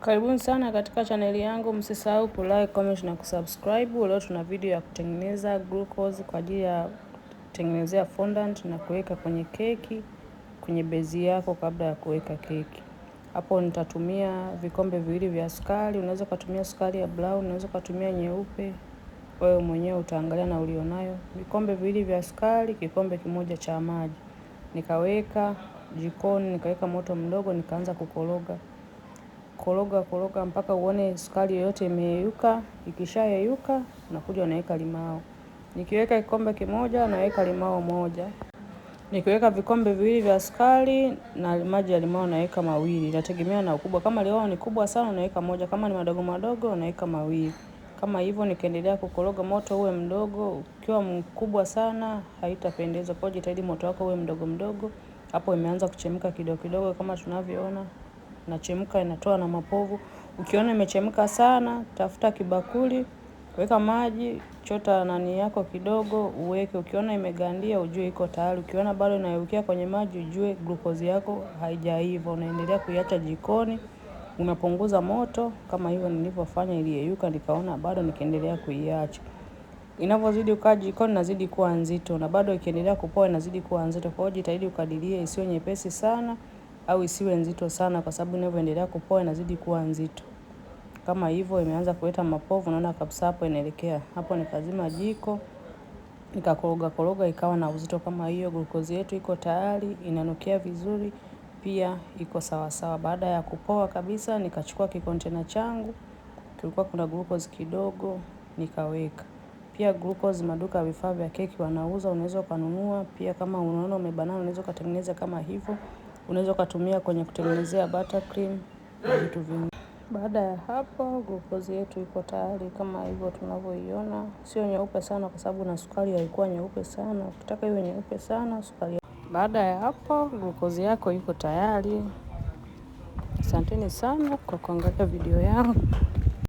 Karibuni sana katika chaneli yangu, msisahau like, comment na kusubscribe. Leo tuna video ya kutengeneza glucose kwa ajili ya kutengenezea fondant na kuweka kwenye keki, kwenye bezi yako kabla ya kuweka keki. Hapo nitatumia vikombe viwili vya sukari. Unaweza ukatumia sukari ya brown, unaweza ukatumia nyeupe, wewe mwenyewe utaangalia na ulionayo. Vikombe viwili vya sukari, kikombe kimoja cha maji. Nikaweka jikoni, nikaweka moto mdogo, nikaanza kukoroga koroga koroga mpaka uone sukari yoyote imeyeyuka. Ikishayeyuka unakuja unaweka limao. Nikiweka kikombe kimoja naweka limao moja. Nikiweka vikombe viwili vya sukari na maji ya limao naweka mawili, nategemea na ukubwa. Kama limao ni kubwa sana unaweka moja, kama ni madogo madogo naweka mawili. Kama hivyo nikaendelea kukoroga, moto uwe mdogo. Ukiwa mkubwa sana haitapendeza, kwa jitahidi moto wako uwe mdogo mdogo. Hapo imeanza kuchemka kidogo kidogo kama tunavyoona inachemka inatoa na mapovu. Ukiona imechemka sana, tafuta kibakuli, weka maji, chota nani yako kidogo, uweke. Ukiona imegandia, ujue iko tayari. Ukiona bado inayeyukia kwenye maji, ujue glukozi yako haijaiva, unaendelea kuiacha jikoni, unapunguza moto, kama hivyo nilivyofanya. Iliyeyuka nikaona bado, nikiendelea kuiacha. Inavyozidi kukaa jikoni nazidi kuwa nzito, na bado ikiendelea kupoa inazidi kuwa nzito. Kwa hiyo jitahidi ukadirie, isiwe nyepesi sana au isiwe nzito sana kwa sababu inavyoendelea kupoa inazidi kuwa nzito. Kama hivyo imeanza kuleta mapovu naona kabisa hapo inaelekea. Hapo nikazima jiko, nikakoroga koroga ikawa na uzito kama hiyo. Glukozi yetu iko tayari, inanukia vizuri, pia iko sawa sawa. Baada ya kupoa kabisa nikachukua kikontena changu, kilikuwa kuna glukozi kidogo, nikaweka. Pia glukozi maduka ya vifaa vya keki wanauza, unaweza ukanunua. Pia kama unaona umebanana unaweza ukatengeneza kama hivyo unaweza ukatumia kwenye kutengenezea buttercream na vitu vingi. Baada ya hapo glukozi yetu iko tayari kama hivyo tunavyoiona, sio nyeupe sana kwa sababu na sukari haikuwa nyeupe sana. Ukitaka iwe nyeupe sana sukari. Baada ya hapo glukozi yako iko tayari. Asanteni sana kwa kuangalia video yangu.